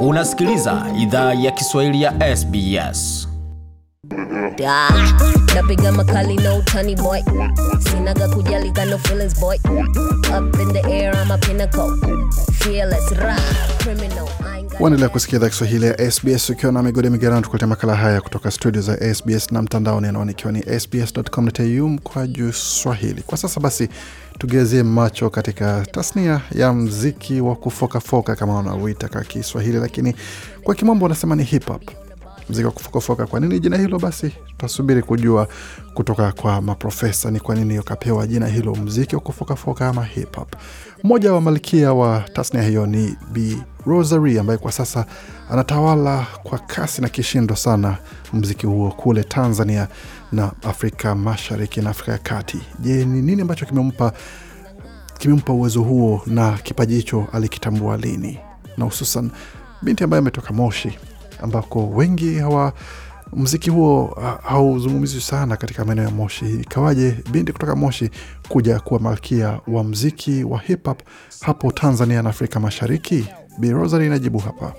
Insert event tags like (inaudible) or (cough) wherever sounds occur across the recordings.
Unasikiliza idhaa ya Kiswahili ya SBS. Da, napiga makali no utani boy, sinaga kujali got no feelings boy, up in the air I'm a pinnacle, fearless rap criminal Waendelea kusikia idhaa Kiswahili ya SBS ukiwa na migodi migerano, tukuletea makala haya kutoka studio za SBS na mtandaoni, anwani ikiwa ni sbs.com.au juu swahili. Kwa sasa basi, tugezie macho katika tasnia ya mziki wa kufokafoka kama wanauita kwa Kiswahili, lakini kwa kimombo wanasema ni hip hop mziki wa kufokafoka. Kwa nini jina hilo? Basi tutasubiri kujua kutoka kwa maprofesa ni kwa nini ukapewa jina hilo mziki wa kufokafoka ama hip hop. Mmoja wa malkia wa tasnia hiyo ni b Rosary ambaye kwa sasa anatawala kwa kasi na kishindo sana mziki huo kule Tanzania na Afrika Mashariki na Afrika ya Kati. Je, ni nini ambacho kimempa kimempa uwezo huo na kipaji hicho alikitambua lini? Na hususan binti ambaye ametoka Moshi ambako wengi hawa mziki huo hauzungumzi sana katika maeneo ya Moshi. Ikawaje binti kutoka Moshi kuja kuwa malkia wa mziki wa hip hop hapo Tanzania na Afrika Mashariki? Bi Rosari inajibu hapa.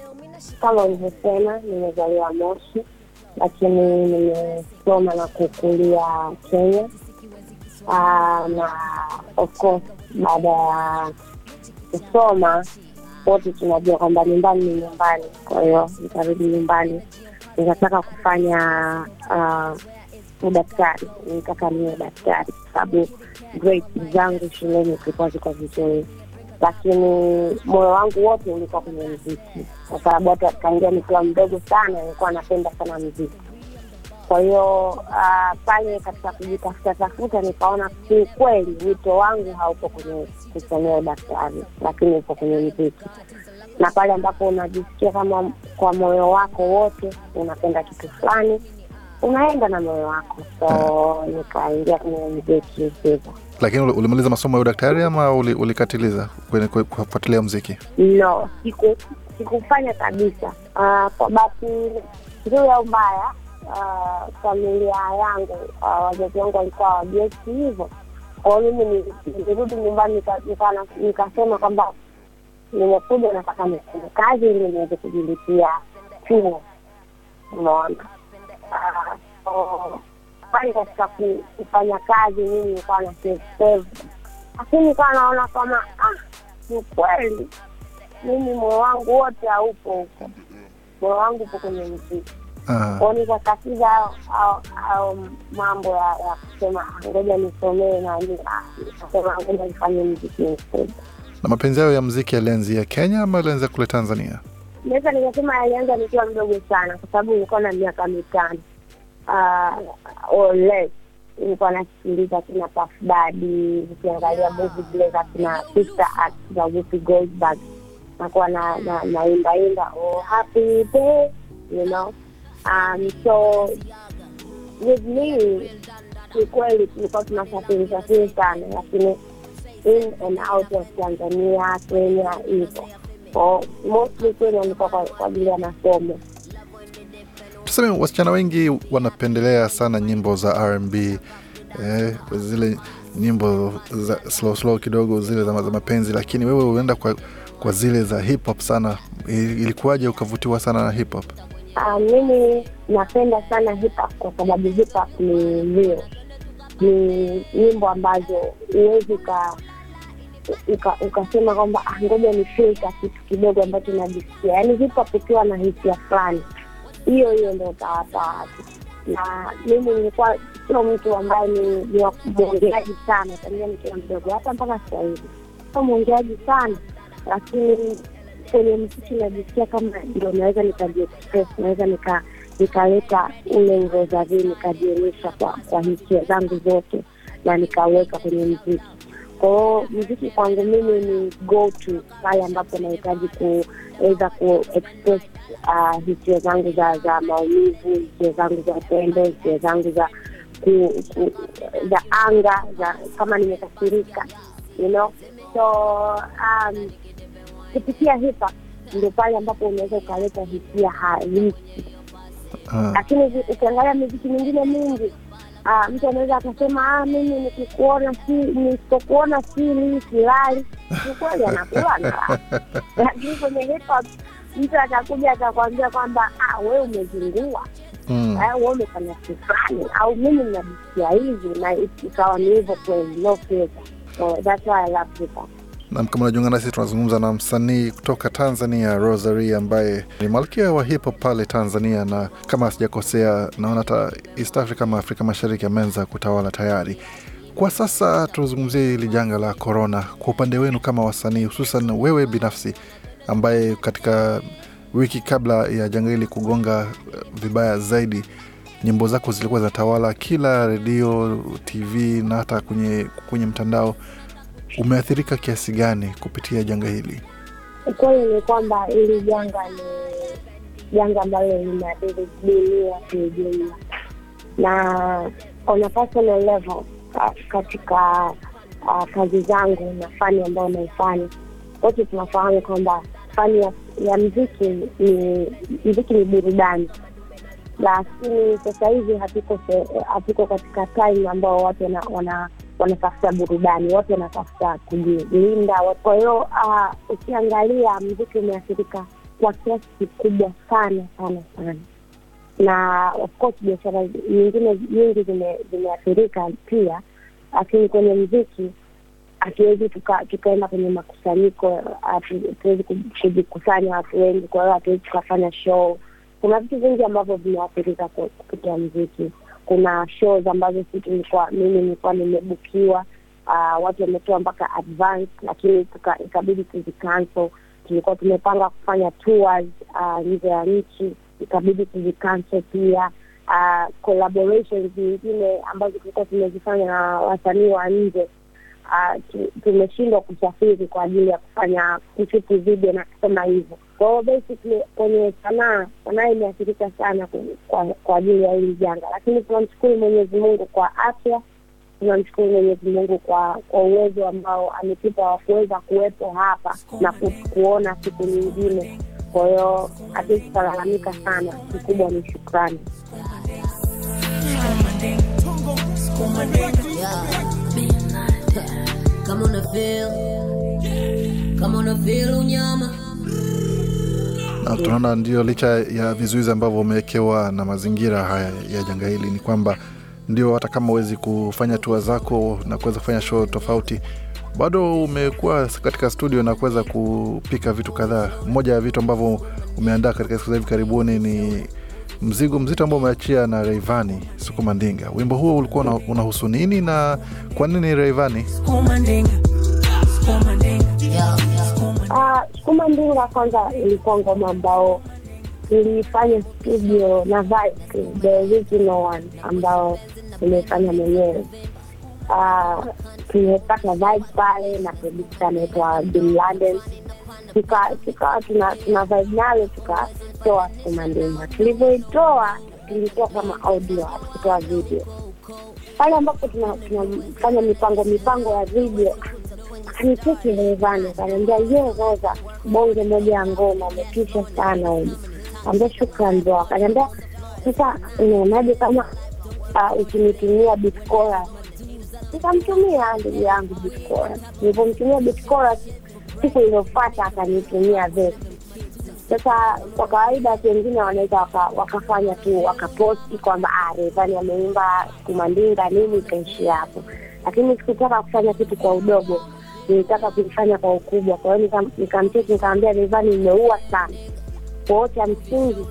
Kama ulivyosema, nimezaliwa Moshi, lakini nimesoma na kukulia Kenya. Ah, na of course baada ya kusoma wote tunajua kwamba nyumbani ni nyumbani. Kwa hiyo nikarudi nyumbani, nikataka kufanya uh, udaktari, nitaka niwe daktari kwa sababu zangu shuleni zilikuwa ziko vizuri lakini moyo wangu wote ulikuwa kwenye mziki, kwa sababu hata akaingia nikiwa mdogo sana nilikuwa napenda sana mziki. Kwa hiyo uh, pale katika kujitafuta tafuta nikaona kiukweli wito wangu hauko kwenye kusomea udaktari, lakini uko kwenye mziki, na pale ambapo unajisikia kama kwa moyo wako wote unapenda kitu fulani unaenda na moyo wako so Nikaingia kwenye mziki hivo Lakini ulimaliza masomo ya udaktari ama ulikatiliza uli kufuatilia mziki? No, siku kabisa. Uh, kwa basi juu ya mbaya, uh, familia yangu uh, wazazi wangu walikuwa wajesi hivo kwao. Mimi nirudi nyumbani nikasema kwamba nimekuja nataka nifanye kazi ili niweze kujilipia chuo, unaona bali katika kufanya kazi mimi nilikuwa na lakini nikawa naona kama ah, ni kweli mimi moyo wangu wote haupo huko, moyo wangu upo kwenye mziki ah. kwao. Nikakatiza ao mambo ya kusema ngoja nisomee nanisema ah, ngoja nifanye mziki Na mapenzi hayo ya mziki yalianzia Kenya ama yalianzia kule Tanzania? naweza nikasema alianza nikiwa mdogo sana, kwa sababu nilikuwa na miaka mitano uh, ah, ilikuwa nilikuwa nasikiliza kina Puff Daddy, nikiangalia movie zile za kina Sister Act za Whoopi Goldberg, nakuwa na naimbaimba oh happy day you know um, so with me ni kweli tulikuwa tunasafiri safiri sana, lakini in and out of Tanzania, Kenya hivo masomo. Tuseme wasichana wengi wanapendelea sana nyimbo za rmb eh, zile nyimbo za slow slow kidogo zile za, za mapenzi, lakini wewe uenda kwa, kwa zile za hip hop sana. Ilikuwaje ukavutiwa sana na hip hop? Uh, mimi napenda sana hip hop kwa sababu hip hop ni real, ni nyimbo ambazo huwezi ukasema kwamba ah, ngoja ni filta kitu kidogo ambacho najisikia, yaani hip hop na hisia fulani, hiyo hiyo ndo utawapa watu. Na mimi nilikuwa sio mtu ambaye ni mwongeaji sana tangia nikiwa mdogo, hata mpaka sasa hivi sio mwongeaji sana, lakini kwenye mziki najisikia kama ndo naweza nikajiexpress, naweza nika nikaleta ule urozavii nikajionyesha kwa kwa hisia zangu zote na nikaweka kwenye mziki Kwao mziki kwangu mimi ni go to pale ambapo nahitaji kuweza ku express uh, hisia zangu za za maumivu, hisia zangu za pendo, hisia zangu za ku, ku, za anga za kama nimekasirika, you know so um, kupitia hipa ndio pale ambapo unaweza ukaleta hisia halisi, ah. lakini ukiangalia miziki mingine mingi Ah, mtu anaweza akasema ah, mimi nikikuona si nisipokuona sili silali. Ni kweli anakuwa na (laughs) lakini kwenye hip hop mtu atakuja atakwambia kwamba ah, we umezingua hmm. eh, we umefanya kifani au mimi nabisia hivi, na ikawa ni hivyo kweli, no filter. So that's why I love hip hop. Nam, kama unajiunga nasi, tunazungumza na msanii kutoka Tanzania Rosary, ambaye ni malkia wa hip hop pale Tanzania, na kama sijakosea, naona hata East Africa ama Afrika Mashariki ameanza kutawala tayari. Kwa sasa tuzungumzie hili janga la korona kwa upande wenu kama wasanii, hususan wewe binafsi ambaye katika wiki kabla ya janga hili kugonga eh, vibaya zaidi, nyimbo zako zilikuwa zinatawala kila redio, TV na hata kwenye, kwenye mtandao umeathirika kiasi gani kupitia janga hili? Ukweli ni kwamba hili janga ni janga ambalo limeathiri dunia kiujumla, na on a personal level katika uh, kazi zangu na fani ambayo naifanya, wote tunafahamu kwamba fani ya, ya mziki ni mziki ni burudani, lakini sasa hivi hatuko katika time ambao watu wana, wana wanatafuta burudani, watu wanatafuta kujilinda. Kwa hiyo uh, ukiangalia mziki umeathirika kwa kiasi kikubwa sana sana sana, na of course biashara nyingine nyingi zimeathirika pia, lakini kwenye mziki hatuwezi tukaenda kwenye makusanyiko, hatuwezi kujikusanya watu wengi, kwa hiyo hatuwezi tukafanya show. Kuna vitu vingi ambavyo vimeathirika kupitia mziki kuna shows ambazo si tulikuwa mimi nilikuwa nimebukiwa uh, watu wametoa mpaka advance lakini ikabidi tuzicancel tulikuwa tumepanga kufanya tours uh, nje ya nchi ikabidi tuzicancel pia uh, collaborations nyingine ambazo tulikuwa tumezifanya na wasanii wa nje Ah, tumeshindwa kusafiri kwa ajili ya kufanya kushuti video na kusema hivyo. Kwa hiyo basically kwenye sanaa, sanaa imeathirika sana kwa, kwa ajili ya hili janga, lakini tunamshukuru Mwenyezi Mungu kwa afya, tunamshukuru Mwenyezi Mungu kwa kwa uwezo ambao ametupa wa kuweza kuwepo hapa na kuona siku nyingine. Kwa hiyo hatuwezi sana, kikubwa ni shukrani kuibuka kama una feel kama una feel unyama tunaona ndio, licha ya vizuizi ambavyo umewekewa na mazingira haya ya janga hili, ni kwamba ndio, hata kama uwezi kufanya tua zako na kuweza kufanya show tofauti, bado umekuwa katika studio na kuweza kupika vitu kadhaa. Moja ya vitu ambavyo umeandaa katika siku za hivi karibuni ni mzigo mzito ambao umeachia na reivani Sukumandinga. Wimbo huo ulikuwa unahusu nini na kwa nini reivani Sukuma la ah, kwanza ilikuwa ngoma ambao ilifanya studio na Vice, the original one ambao imefanya mwenyewe. Ah, tumepata Vice pale na producer anaitwa Bin Laden tukawa tuna, tuna vibe nayo tukatoa sukuma ndima. Tulivyoitoa ilikuwa kama audio, hatukutoa video. Pale ambapo tunafanya mipango mipango ya video, akanicheki Rayvanny akaniambia, ye Roza, bonge moja ya ngoma umetisha sana huko. Ambia shukran bro. Akaniambia sasa, unaonaje kama uh, ukinitumia bitcoin? Nikamtumia ndugu yangu bitcoin, nilipomtumia bitcoin siku iliyofuata akanitumia vesi. Sasa kwa kawaida watu wengine wanaweza wakafanya tu wakaposti kwamba ah, Rayvanny ameimba kumandinga nini, ikaishi hapo, lakini sikutaka kufanya kitu kwa udogo, nilitaka kuifanya kwa ukubwa. Kwa hiyo nikamcheki, nikamwambia Rayvanny, imeua sana kuota msingi.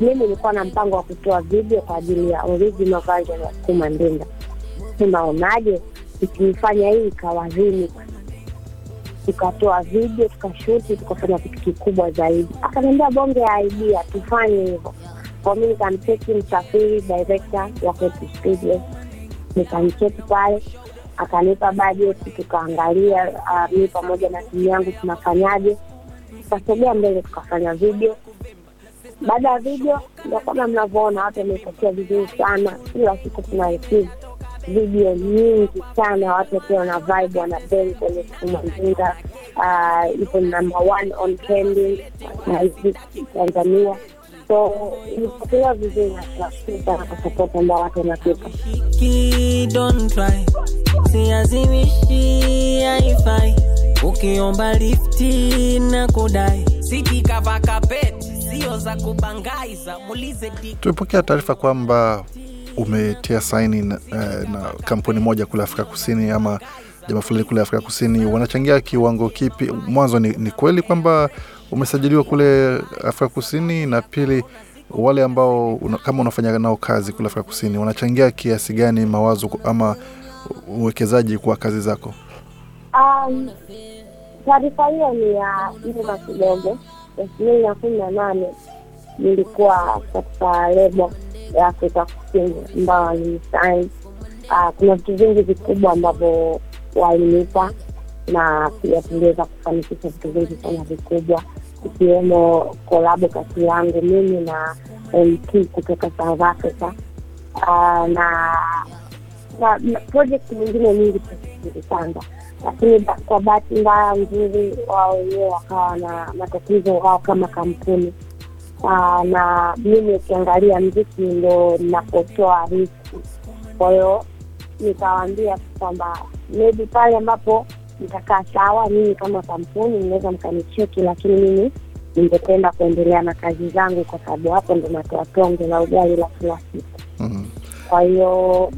Mimi nilikuwa na mpango wa kutoa video kwa ajili ya original version ya kumandinga, unaonaje ikifanya hii kwa tukatoa video tukashuti tukafanya kitu kikubwa zaidi. Akaniambia bonge ya idea tufanye hivyo, kwa mi nikamcheki Msafiri direkta wa Kwetu studio, nikamcheki pale, akanipa bajeti tukaangalia, uh, ah, mi pamoja na timu yangu tunafanyaje, tukasogea mbele tukafanya video. Baada ya video ndo kama mnavyoona watu wamepokea vizuri sana, kila siku tunaikiza video nyingi sana, watu wakiwa na vibe wana bang kwenye sumanjinga ah, iko namba one on trending hizi Tanzania, so ilipokelewa vizuri na tunashukuru sana kwa sapoti ambao watu wanapika Siazimishi haifai, ukiomba lifti na kudai sitikavakapet sio za kubangaiza mulize. Tumepokea taarifa kwamba umetia saini na, eh, na kampuni moja kule Afrika Kusini ama jamaa fulani kule Afrika Kusini, wanachangia kiwango kipi? Mwanzo ni, ni kweli kwamba umesajiliwa kule Afrika Kusini, na pili wale ambao una, kama unafanya nao kazi kule Afrika Kusini wanachangia kiasi gani mawazo ama uwekezaji kwa kazi zako? Um, taarifa hiyo ni ya nyuma kidogo, elfu mbili na kumi na nane nilikuwa katika lebo ya Afrika Kusini, ambayo walinisai. Ah, kuna vitu vingi vikubwa ambavyo walinipa na pia tuliweza kufanikisha vitu vingi sana vikubwa, ikiwemo kolabo kati yangu mimi na MT kutoka South Africa ah, na na project nyingine nyingi kwanza, lakini kwa bahati mbaya nzuri, wao wenyewe wakawa na matatizo wao kama kampuni uh, na mimi ukiangalia mziki ndo ninapotoa riski. Kwa hiyo nikawaambia kwamba maybe pale ambapo nitakaa sawa, mimi kama kampuni mnaweza mkanicheki, lakini mimi ningependa kuendelea na kazi zangu, kwa sababu hapo ndo natoa tonge la ugali la kila siku. mm-hmm. kwa hiyo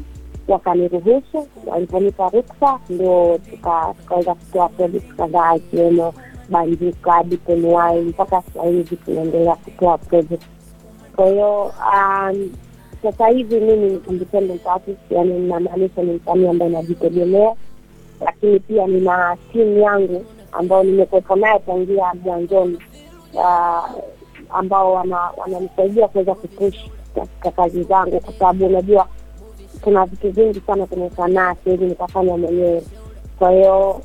wakaniruhusu, waliponipa ruksa ndo tukaweza tuka kutoa product kadhaa ikiwemo kubandika hadi wai mpaka sahizi tunaendelea kutoa project. Kwa hiyo um, sasa hivi mimi ni independent artist, yani ninamaanisha ni msanii ambaye najitegemea, lakini pia nina timu yangu ambayo nimekuwepo nayo tangia mwanzoni uh, ambao wananisaidia wana kuweza kupush katika kazi zangu, kwa sababu unajua kuna vitu vingi sana kwenye sanaa siwezi nikafanya mwenyewe. Kwa hiyo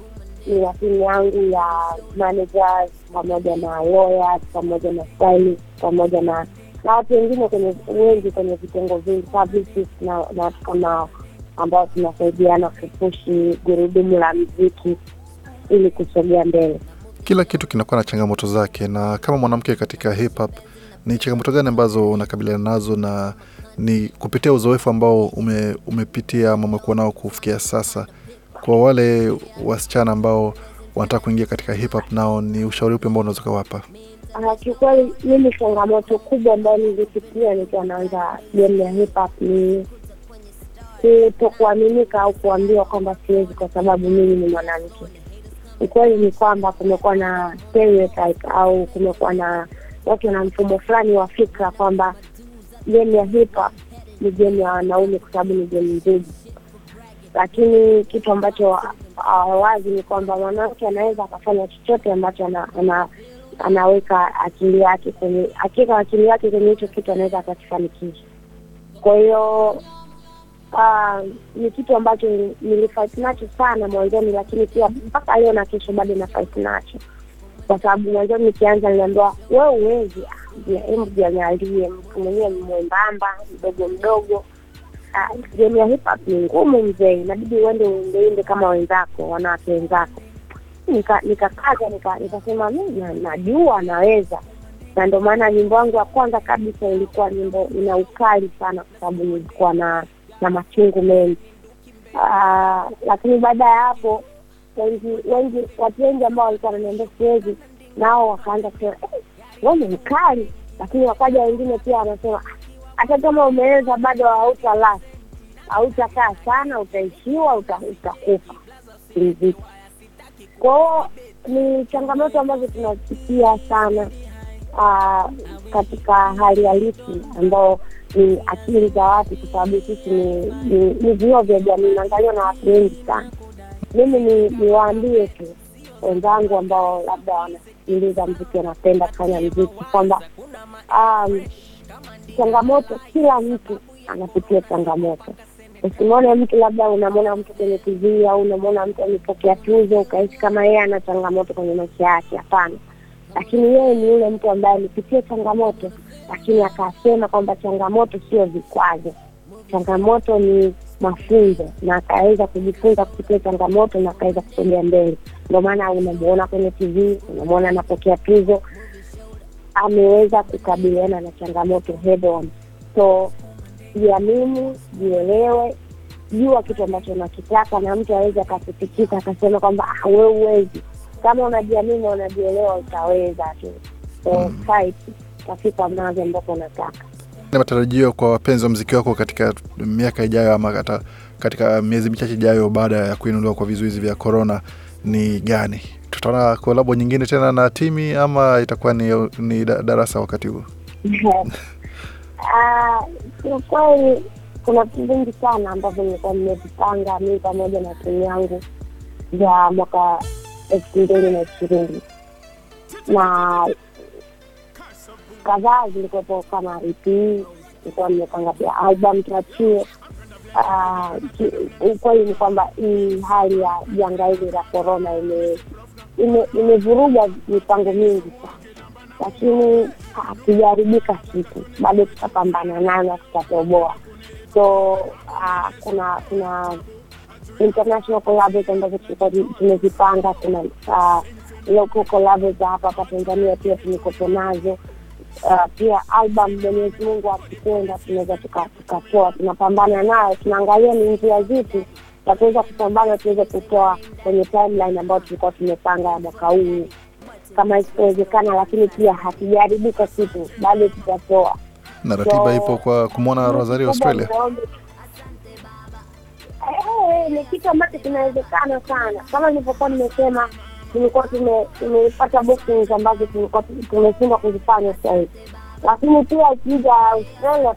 ni timu yangu ya managers pamoja na lawyers pamoja na stylist pamoja na na watu wengine kwenye wengi kwenye vitengo vingi services na watu kama ambao tunasaidiana kupushi gurudumu la mziki ili kusogea mbele. Kila kitu kinakuwa na changamoto zake, na kama mwanamke katika hip hop, ni changamoto gani ambazo unakabiliana nazo na ni kupitia uzoefu ambao ume, umepitia ama umekuwa nao kufikia sasa? Kwa wale wasichana ambao wanataka kuingia katika hip hop, nao ni ushauri upi ambao unaweza kuwapa? Uh, kiukweli mimi changamoto kubwa ambayo nilipitia nikiwa naanza game ya hip hop ni kutokuaminika au kuambiwa kwamba siwezi kwa sababu mimi ni mwanamke. Ukweli ni kwamba kumekuwa na stereotype au kumekuwa na watu na mfumo fulani wa fikra kwamba game ya hip hop ni game ya wanaume kwa sababu ni game nzuri lakini kitu ambacho wazi ni kwamba mwanamke anaweza akafanya chochote ambacho ana, ana anaweka akili yake kwenye akiweka akili yake kwenye hicho kitu anaweza akakifanikisha. Kwa hiyo uh, ni kitu ambacho nilifaiti nacho sana mwanzoni, lakini pia mpaka leo na kesho bado nafaiti nacho, kwa sababu mwanzoni nikianza niliambiwa wewe uwezi, ah, hebu mtu mwenyewe mwembamba mdogo mdogo Game ya hip hop ni ngumu mzee, inabidi uende uendeinde kama wenzako wanawake wenzako. Nikakaza nika nikasema nika najua naweza, na ndio maana nyimbo yangu ya kwanza kabisa ilikuwa nyimbo ina ukali sana, kwa sababu nilikuwa na na machungu mengi. Ah, lakini baada ya hapo, wengi wengi watu wengi ambao walikuwa wananiambia siwezi, nao wakaanza kusema eh, wewe ni mkali, lakini wakaja wengine pia wanasema ah, hata kama umeweza bado hautalasta hautakaa sana, utaishiwa, utakufa kwa Kwao ni changamoto ambazo tunapitia sana aa, ah, katika hali halisi ambao ni akili za watu, kwa sababu sisi ni vio vya jamii, naangaliwa na watu wengi sana. Mimi ni niwaambie tu wenzangu ambao labda wanasikiliza mziki, wanapenda kufanya mziki kwamba um, changamoto, kila mtu anapitia changamoto. Usimwone mtu labda unamwona mtu kwenye TV au unamwona mtu amepokea tuzo ukahisi kama yeye ana changamoto kwenye maisha yake. Hapana, lakini yeye ni yule mtu ambaye alipitia changamoto, lakini akasema kwamba changamoto sio vikwazo, changamoto ni mafunzo, na akaweza kujifunza kupitia changamoto na akaweza kusogea mbele. Ndio maana unamuona kwenye TV, unamwona anapokea tuzo, ameweza kukabiliana na changamoto hedon So jiamini, jielewe, jua kitu ambacho unakitaka, na mtu aweze akasitikika akasema kwamba ah, we uwezi. Kama unajiamini unajielewa, utaweza tu. So mm. fight utafika mazi ambapo unataka. Matarajio kwa wapenzi wa mziki wako katika miaka ijayo ama hata katika miezi michache ijayo baada ya kuinuliwa kwa vizuizi vya korona ni gani? tutaona kolabo nyingine tena na timi ama itakuwa ni, ni darasa wakati huo (laughs) ah, Kiukweli kuna vitu vingi sana ambavyo nilikuwa nimevipanga mii pamoja na timu yangu ya mwaka elfu mbili na ishirini na kadhaa zilikuwepo kama EP, nilikuwa nimepanga pia album tuachie. Ah, ukweli ni kwamba hii hali ya janga hili la korona ime imevuruga mipango mingi sana, lakini hatujaharibika kitu, bado tutapambana nayo na tutatoboa. So uh, kuna kuna international collabs ambazo tumezipanga, kuna uh, local collabs za hapa hapa Tanzania pia tumekuwepo nazo. Uh, pia album Mwenyezi Mungu tunaweza tukatoa, tunapambana nayo, tunaangalia ni njia zipi ya kupambana tuweze kutoa kwenye timeline ambayo tulikuwa tumepanga ya mwaka huu kama isipowezekana, lakini pia hatujaribuka kitu bado tutatoa. Na ratiba so, ipo kwa kumwona Rosario Australia ni kitu ambacho kinawezekana sana. Kama nilivyokuwa nimesema, tulikuwa tumepata bookings ambazo tulikuwa tumeshindwa kuzifanya sasa lakini pia ikija Australia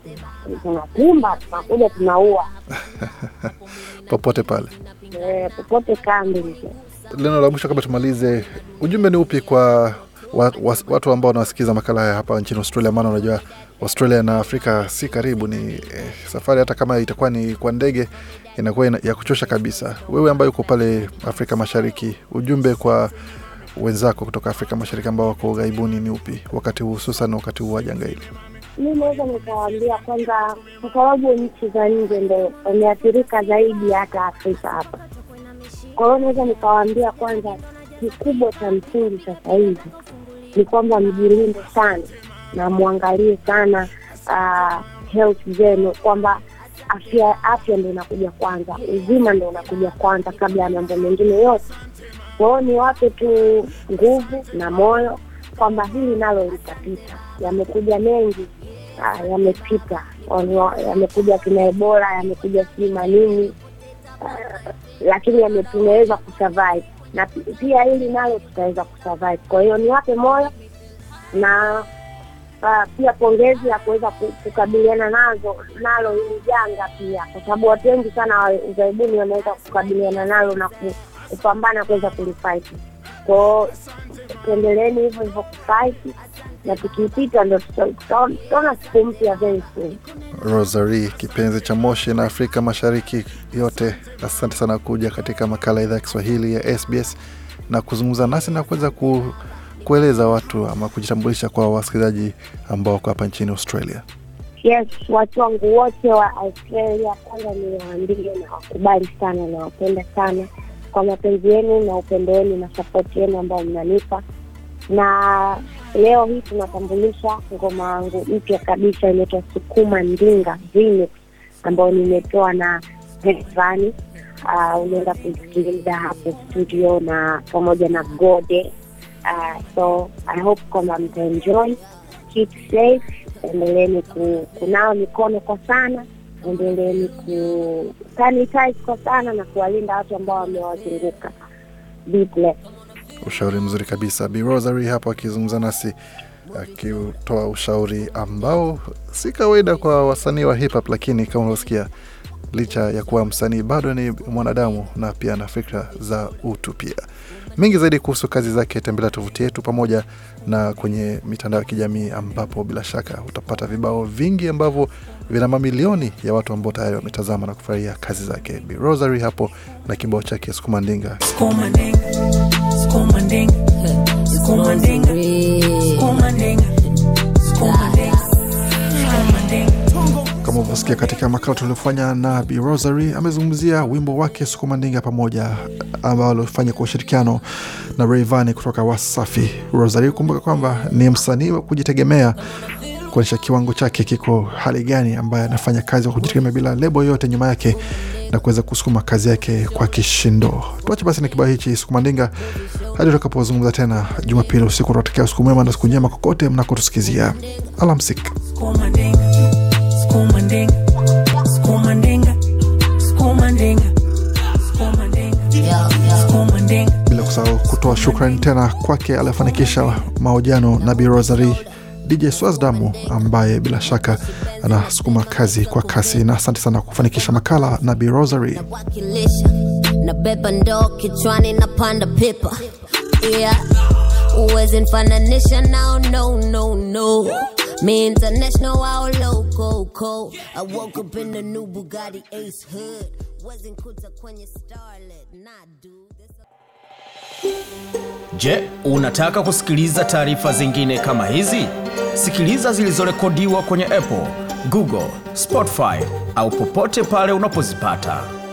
tunakumba, tunakuja tunaua (laughs) popote pale e, popote kambi. Leno la mwisho kabla tumalize, ujumbe ni upi kwa watu ambao wanawasikiza makala haya hapa nchini Australia? Maana unajua Australia na Afrika si karibu, ni eh, safari hata kama itakuwa ni kwa ndege inakuwa ya kuchosha kabisa. Wewe ambaye uko pale Afrika Mashariki, ujumbe kwa wenzako kutoka Afrika Mashariki ambao wako ughaibuni ni upi wakati huu, hususan wakati huu wa janga hili? Mi naweza nikawaambia kwamba kwa sababu nchi za nje ndo wameathirika zaidi, hata Afrika hapa. Kwa hiyo naweza nikawaambia kwanza, kikubwa cha msingi sasa hivi ni kwamba mjilinde sana na mwangalie sana uh, health zenu kwamba afya afya ndo inakuja kwanza, uzima ndo unakuja kwanza kabla ya mambo mengine yote. Kwa hiyo ni wape tu nguvu na moyo kwamba hili nalo litapita. Yamekuja mengi ah, yamepita, yamekuja kina Ebola, yamekuja sijui manini, ah, lakini yame tumeweza kusurvive na pia hili nalo tutaweza kusurvive. Kwa hiyo ni wape moyo na Uh, pia pongezi ya kuweza kukabiliana nazo nalo hili janga pia, kwa sababu watu wengi sana ughaibuni wanaweza kukabiliana nalo na ku kupambana kuweza kulifight kwao. Tuendeleeni hivyo hivyo kufight na tukiipita ndo tutaona siku mpya very soon. Rosary, kipenzi cha Moshi na Afrika Mashariki yote, asante sana kuja katika makala idhaa ya Kiswahili ya SBS na kuzungumza nasi na kuweza ku, kueleza watu ama kujitambulisha kwa wasikilizaji ambao wako hapa nchini Australia. Yes, watu wangu wote wa Australia, kwanza niwaambie na wakubali sana na wapenda sana kwa mapenzi yenu na upendo wenu na sapoti yenu ambayo mnanipa, na leo hii tunatambulisha ngoma yangu mpya kabisa, inaitwa Sukuma Ndinga Remix ambayo nimetoa na hevani Uh, ah, unaenda kusikiliza hapo studio na pamoja na Gode. Uh, so I hope kwamba mtaenjoy, keep safe, endeleni kunawa mikono kwa sana endeleeni ku sanitize kwa sana na kuwalinda watu ambao wamewazunguka. Ushauri mzuri kabisa, Bi Rosary hapo akizungumza nasi akitoa ushauri ambao si kawaida kwa wasanii wa hip hop, lakini kama unavyosikia, licha ya kuwa msanii bado ni mwanadamu na pia na fikra za utu pia. Mengi zaidi kuhusu kazi zake, tembelea tovuti yetu pamoja na kwenye mitandao ya kijamii, ambapo bila shaka utapata vibao vingi ambavyo vina mamilioni ya watu ambao tayari wametazama na kufurahia kazi zake. Bi Rosary hapo na kibao chake Sukumandinga. Umesikia katika makala tuliofanya na Bi Rosary amezungumzia wimbo wake Sukumandinga pamoja, ambao alifanya kwa ushirikiano na Rayvanny kutoka Wasafi. Rosary, kumbuka kwamba ni msanii wa kujitegemea kuonyesha kiwango chake kiko hali gani, ambaye anafanya kazi kwa kujitegemea bila lebo yoyote nyuma yake na kuweza kusukuma kazi yake kwa kishindo. Tuache basi na kibao hichi Sukumandinga hadi utakapozungumza tena Jumapili usiku. Tunatakia usiku mwema na siku njema kokote mnakotusikizia. Alamsiki. Bila kusahau kutoa shukrani tena kwake aliyefanikisha mahojiano na birosary Rosary DJ swasdamu ambaye bila shaka anasukuma kazi kwa kasi, na asante sana kufanikisha makala na birosary Rosary. Nabeba ndoo kichwani na panda pipa, yeah. Uwezi mfananisha nao, no, no, no. Me international, our loco, co. I woke up in the new Bugatti Ace hood. Wasn't kuta kwenye starlet, nah dude. Je, unataka kusikiliza taarifa zingine kama hizi? Sikiliza zilizorekodiwa kwenye Apple, Google, Spotify au popote pale unapozipata.